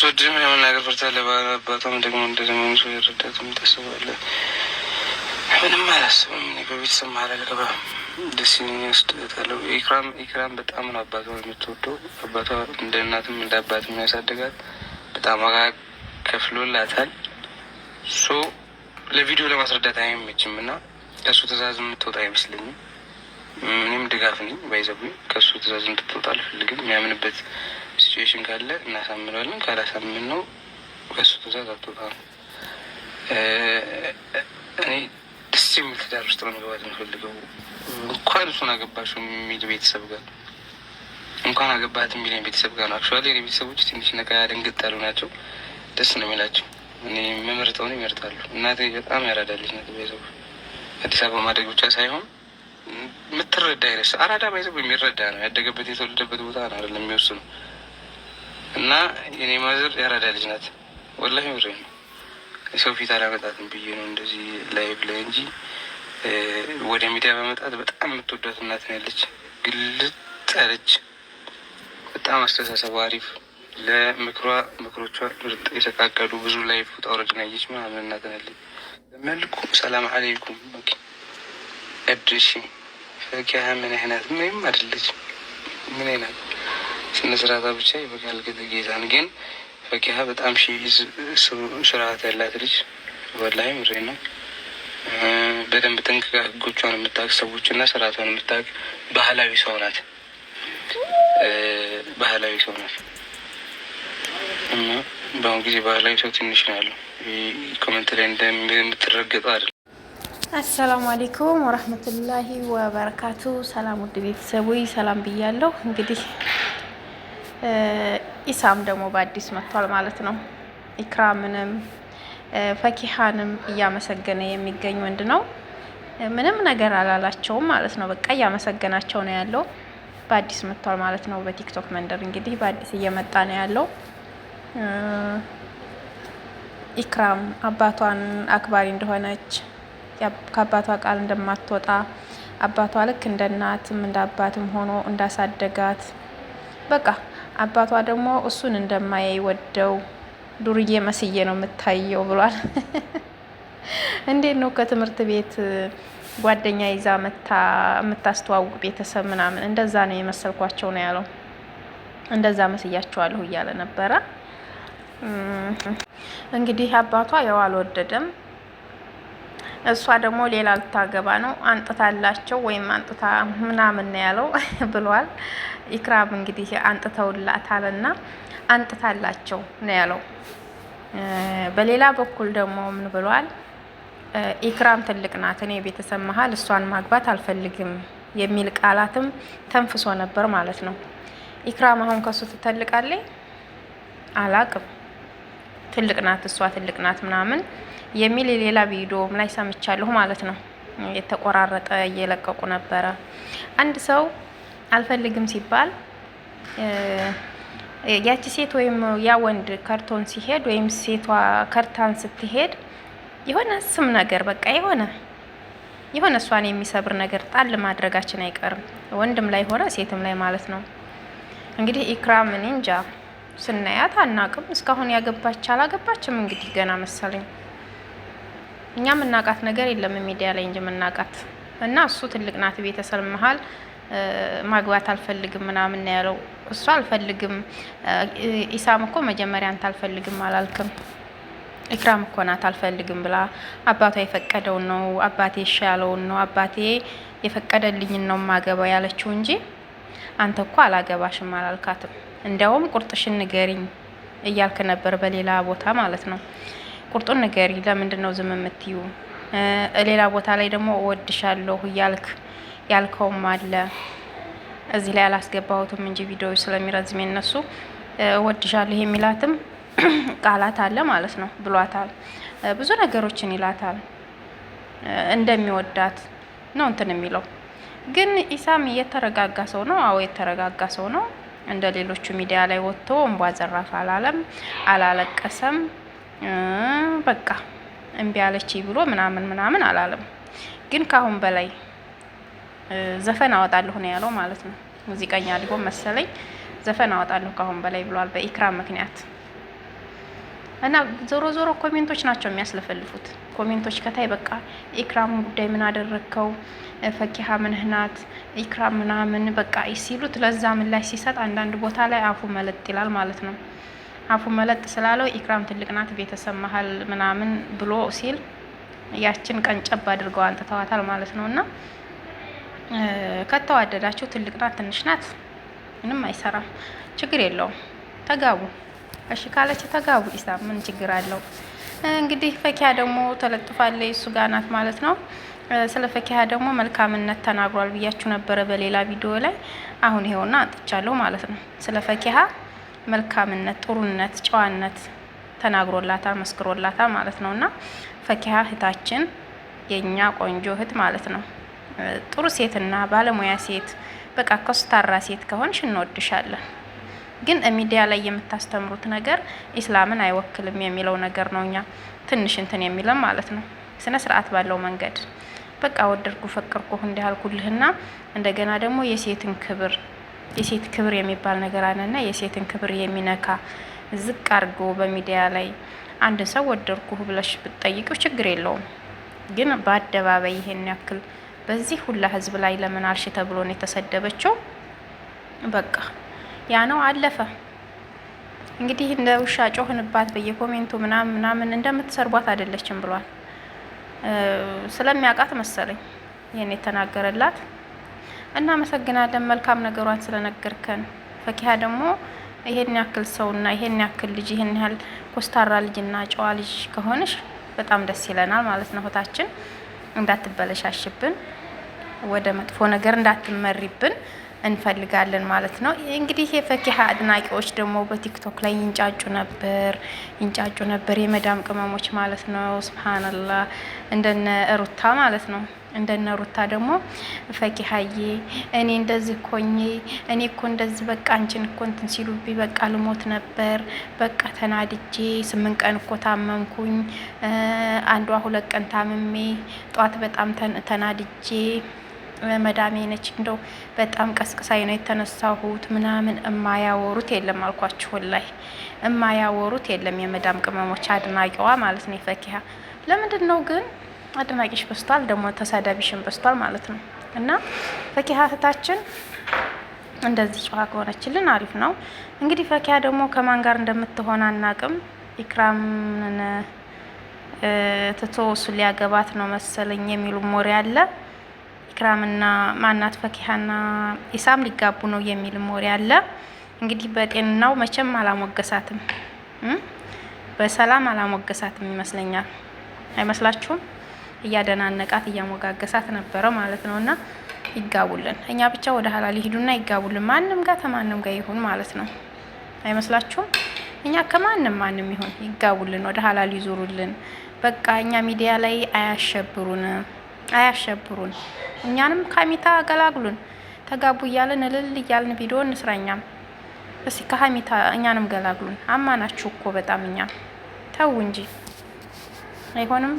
ስለምትወድም የመናገር ፈርታለህ። ባላባቷም ደግሞ እንደዚህ መሆኑ የረዳትም ታስባለህ። ምንም አላስብም። እኔ በቤተሰብ መሀል አልገባም። ደስ ይወስድታለሁ። ኢክራም ኢክራም በጣም ነው አባቷ የምትወደው። አባቷ እንደ እናትም እንደ አባት የሚያሳድጋት በጣም ዋጋ ከፍሎላታል። ሶ ለቪዲዮ ለማስረዳት አይመችም እና ከእሱ ትእዛዝ የምትወጣ አይመስለኝም። እኔም ድጋፍ ነኝ ባይዘቡኝ ከእሱ ትእዛዝ እንድትወጣ አልፈልግም። የሚያምንበት ሲቹዌሽን ካለ እናሳምነዋለን። ካላሳምን ነው በሱ ትእዛዝ አቶታ ነው። እኔ ደስ የሚል ትዳር ውስጥ ነው መግባት የምፈልገው። እንኳን እሱን አገባሽው የሚል ቤተሰብ ጋር እንኳን አገባት የሚል ቤተሰብ ጋር ነው። አክቹዋሊ እኔ ቤተሰቦች ትንሽ ነቃ ደንግጥ ያሉ ናቸው። ደስ ነው የሚላቸው። እኔ የምመርጠውን ይመርጣሉ። እናቴ በጣም ያራዳለች ነ ቤተሰቡ አዲስ አበባ ማድረግ ብቻ ሳይሆን የምትረዳ አይነሳ አራዳ ባይዘው የሚረዳ ነው። ያደገበት የተወለደበት ቦታ ነው አይደለም የሚወስኑ እና የኔ ማዘር ያራዳ ልጅ ናት። ወላሂ ምሬ ነው። ሰው ፊት አላመጣትም ብዬ ነው እንደዚህ ላይቭ ላይ እንጂ ወደ ሚዲያ በመጣት በጣም የምትወዷት እናት ነው ያለች። ግልጥ ያለች በጣም አስተሳሰቡ አሪፍ፣ ለምክሯ ምክሮቿ ምርጥ የተቃቀዱ ብዙ ላይቭ ውጣ ውረድን ያየች ምናምን እናት ነው ያለች። መልኩ ሰላም አለይኩም እድሽ ፈኪያ ምን አይነት ምንም አይደለች ምን አይነት ስነ ስነስርዓቷ ብቻ ይበቃል። ግን ጌታን ግን ፈኪሀ በጣም ስርዓት ያላት ልጅ ወላሂ ምሬ ነው። በደንብ ጠንቅቃ ህጎቿን የምታውቅ ሰዎችና ስርዓቷን የምታውቅ ባህላዊ ሰው ናት። ባህላዊ ሰው ናት እና በአሁኑ ጊዜ ባህላዊ ሰው ትንሽ ነው ያለው። ኮመንት ላይ እንደምትረገጠው አይደለም። አሰላሙ አሌይኩም ወረህመቱላሂ ወበረካቱ። ሰላም ውድ ቤተሰቦች ሰላም ብያለሁ እንግዲህ ኢሳም ደግሞ በአዲስ መጥቷል ማለት ነው። ኢክራምንም ፈኪሃንም እያመሰገነ የሚገኝ ወንድ ነው። ምንም ነገር አላላቸውም ማለት ነው። በቃ እያመሰገናቸው ነው ያለው። በአዲስ መጥቷል ማለት ነው። በቲክቶክ መንደር እንግዲህ በአዲስ እየመጣ ነው ያለው። ኢክራም አባቷን አክባሪ እንደሆነች ከአባቷ ቃል እንደማትወጣ አባቷ ልክ እንደ እናትም እንደ አባትም ሆኖ እንዳሳደጋት በቃ አባቷ ደግሞ እሱን እንደማይወደው ዱርዬ መስዬ ነው የምታየው ብሏል። እንዴት ነው ከትምህርት ቤት ጓደኛ ይዛ የምታስተዋውቅ ቤተሰብ ምናምን እንደዛ ነው የመሰልኳቸው ነው ያለው። እንደዛ መስያቸዋለሁ እያለ ነበረ። እንግዲህ አባቷ ያው አልወደደም። እሷ ደግሞ ሌላ ልታገባ ነው አንጥታላቸው ወይም አንጥታ ምናምን ያለው ብሏል። ኢክራም እንግዲህ አንጥታ አንጥታላቸው ነው ያለው። በሌላ በኩል ደግሞ ምን ብሏል? ኢክራም ትልቅ ናት፣ እኔ ቤተሰብ መሀል እሷን ማግባት አልፈልግም የሚል ቃላትም ተንፍሶ ነበር ማለት ነው። ኢክራም አሁን ከሱ ትተልቃለች አላቅም። ትልቅ ናት እሷ ትልቅ ናት ምናምን የሚል የሌላ ቪዲዮም ላይ ሰምቻለሁ ማለት ነው። የተቆራረጠ እየለቀቁ ነበረ። አንድ ሰው አልፈልግም ሲባል ያቺ ሴት ወይም ያ ወንድ ከርቶን ሲሄድ ወይም ሴቷ ከርታን ስትሄድ የሆነ ስም ነገር በቃ የሆነ የሆነ እሷን የሚሰብር ነገር ጣል ማድረጋችን አይቀርም። ወንድም ላይ ሆነ ሴትም ላይ ማለት ነው። እንግዲህ ኢክራም እንጃ ስናያት አናቅም። እስካሁን ያገባች አላገባችም እንግዲህ ገና መሰለኝ። እኛ የምናውቃት ነገር የለም ሚዲያ ላይ እንጂ የምናውቃት እና እሱ ትልቅ ናት። ቤተሰብ መሀል ማግባት አልፈልግም ምናምን ያለው እሱ አልፈልግም። ኢሳም እኮ መጀመሪያ አንተ አልፈልግም አላልክም። ኢክራም እኮ ናት አልፈልግም ብላ አባቷ የፈቀደውን ነው አባቴ ያለውን ነው አባቴ የፈቀደልኝን ነው ማገባው ያለችው እንጂ አንተ እኮ አላገባሽም አላልካትም። እንዲያውም ቁርጥሽን ንገሪኝ እያልክ ነበር፣ በሌላ ቦታ ማለት ነው። ቁርጡን ንገሪ። ለምንድን ነው ዝም የምትዩ? ሌላ ቦታ ላይ ደግሞ እወድሻለሁ እያልክ ያልከውም አለ። እዚህ ላይ አላስገባሁትም እንጂ ቪዲዮ ስለሚረዝም የነሱ እወድሻለሁ የሚላትም ቃላት አለ ማለት ነው። ብሏታል፣ ብዙ ነገሮችን ይላታል እንደሚወዳት ነው እንትን የሚለው ግን ኢሳም እየተረጋጋ ሰው ነው። አዎ የተረጋጋ ሰው ነው። እንደ ሌሎቹ ሚዲያ ላይ ወጥቶ እንቧ ዘራፍ አላለም፣ አላለቀሰም። በቃ እምቢ አለች ብሎ ምናምን ምናምን አላለም። ግን ከአሁን በላይ ዘፈን አወጣለሁ ነው ያለው ማለት ነው። ሙዚቀኛ አድጎ መሰለኝ ዘፈን አወጣለሁ ከአሁን በላይ ብሏል በኢክራም ምክንያት። እና ዞሮ ዞሮ ኮሜንቶች ናቸው የሚያስለፈልፉት። ኮሜንቶች ከታይ በቃ ኢክራም ጉዳይ ምን አደረግከው፣ ፈኪሀ ምንህናት ኢክራም ምናምን በቃ ሲሉት፣ ለዛ ምላሽ ሲሰጥ አንዳንድ ቦታ ላይ አፉ መለጥ ይላል ማለት ነው። አፉ መለጥ ስላለው ኢክራም ትልቅ ናት ቤተሰብ መሀል ምናምን ብሎ ሲል ያችን ቀንጨብ አድርገው አንጥተዋታል ማለት ነው። እና ከተዋደዳችሁ ትልቅ ናት ትንሽ ናት ምንም አይሰራም፣ ችግር የለውም። ተጋቡ፣ እሺ ካለች ተጋቡ። ኢሳ ምን ችግር አለው? እንግዲህ ፈኪያ ደግሞ ተለጥፋለች እሱ ጋር ናት ማለት ነው። ስለ ፈኪያ ደግሞ መልካምነት ተናግሯል ብያችሁ ነበረ በሌላ ቪዲዮ ላይ። አሁን ይሄውና አጥቻለሁ ማለት ነው ስለ ፈኪሃ መልካምነት፣ ጥሩነት፣ ጨዋነት ተናግሮላታ መስክሮላታ ማለት ነው እና ፈኪሀ እህታችን የእኛ ቆንጆ እህት ማለት ነው። ጥሩ ሴትና ባለሙያ ሴት በቃ ከስታራ ሴት ከሆንሽ እንወድሻለን። ግን ሚዲያ ላይ የምታስተምሩት ነገር ኢስላምን አይወክልም የሚለው ነገር ነው። እኛ ትንሽ እንትን የሚለም ማለት ነው ስነ ስርዓት ባለው መንገድ በቃ ወደድኩ ፈቅርኩ እንዲህ አልኩልህና እንደገና ደግሞ የሴትን ክብር የሴት ክብር የሚባል ነገር አለና የሴትን ክብር የሚነካ ዝቅ አድርጎ በሚዲያ ላይ አንድን ሰው ወደድኩህ ብለሽ ብትጠይቂው ችግር የለውም። ግን በአደባባይ ይሄን ያክል በዚህ ሁላ ህዝብ ላይ ለምን አልሽ ተብሎ ነው የተሰደበችው። በቃ ያ ነው አለፈ። እንግዲህ እንደ ውሻ ጮህንባት በየኮሜንቱ ምናምን ምናምን እንደምትሰርቧት አይደለችም ብሏል። ስለሚያውቃት መሰለኝ ይህን የተናገረላት እናመሰግናለን መልካም ነገሯን ስለነገርከን። ፈኪሀ ደግሞ ይሄን ያክል ሰውና ይሄን ያክል ልጅ ይሄን ያህል ኮስታራ ልጅና ጨዋ ልጅ ከሆንሽ በጣም ደስ ይለናል ማለት ነው። ሆታችን እንዳትበለሻሽብን፣ ወደ መጥፎ ነገር እንዳትመሪብን እንፈልጋለን ማለት ነው። እንግዲህ የፈኪሀ አድናቂዎች ደግሞ በቲክቶክ ላይ ይንጫጩ ነበር ይንጫጩ ነበር፣ የመዳም ቅመሞች ማለት ነው። ስብሓንላ እንደነ ሩታ ማለት ነው። እንደነ ሩታ ደግሞ ፈኪሀዬ እኔ እንደዚህ ኮኜ እኔ እኮ እንደዚህ በቃ አንቺን እኮ እንትን ሲሉብኝ በቃ ልሞት ነበር። በቃ ተናድጄ ስምንት ቀን እኮ ታመምኩኝ። አንዷ ሁለት ቀን ታምሜ ጧት በጣም ተናድጄ መዳሜ ነች እንደው በጣም ቀስቅሳይ ነው የተነሳሁት ምናምን እማያወሩት የለም አልኳችሁ። ላይ እማያወሩት የለም የመዳም ቅመሞች አድናቂዋ ማለት ነው የፈኪሀ። ለምንድን ነው ግን አድናቂሽ በስቷል፣ ደግሞ ተሳዳቢሽን በስቷል ማለት ነው። እና ፈኪሀ እህታችን እንደዚህ ጨዋ ከሆነችልን አሪፍ ነው። እንግዲህ ፈኪሀ ደግሞ ከማን ጋር እንደምትሆን አናቅም። ኢክራምን ትቶ እሱ ሊያገባት ነው መሰለኝ የሚሉ ሞሪ አለ። ኢክራምና ማናት ፈኪሃና ኢሳም ሊጋቡ ነው የሚል ወሬ አለ። እንግዲህ በጤንናው መቼም አላሞገሳትም፣ በሰላም አላሞገሳትም ይመስለኛል። አይመስላችሁም? እያደናነቃት እያሞጋገሳት ነበረ ማለት ነው። እና ይጋቡልን፣ እኛ ብቻ ወደ ኋላ ሊሄዱና ይጋቡልን። ማንም ጋር ከማንም ጋር ይሁን ማለት ነው። አይመስላችሁም? እኛ ከማንም ማንም ይሁን ይጋቡልን፣ ወደ ኋላ ሊዞሩልን። በቃ እኛ ሚዲያ ላይ አያሸብሩንም አያሸብሩን፣ እኛንም ከሀሜታ አገላግሉን ተጋቡ እያለን እልል እያልን ቪዲዮ እንስራኛም። እስኪ ከሀሜታ እኛንም ገላግሉን። አማናችሁ እኮ በጣም እኛ ተው እንጂ አይሆንም።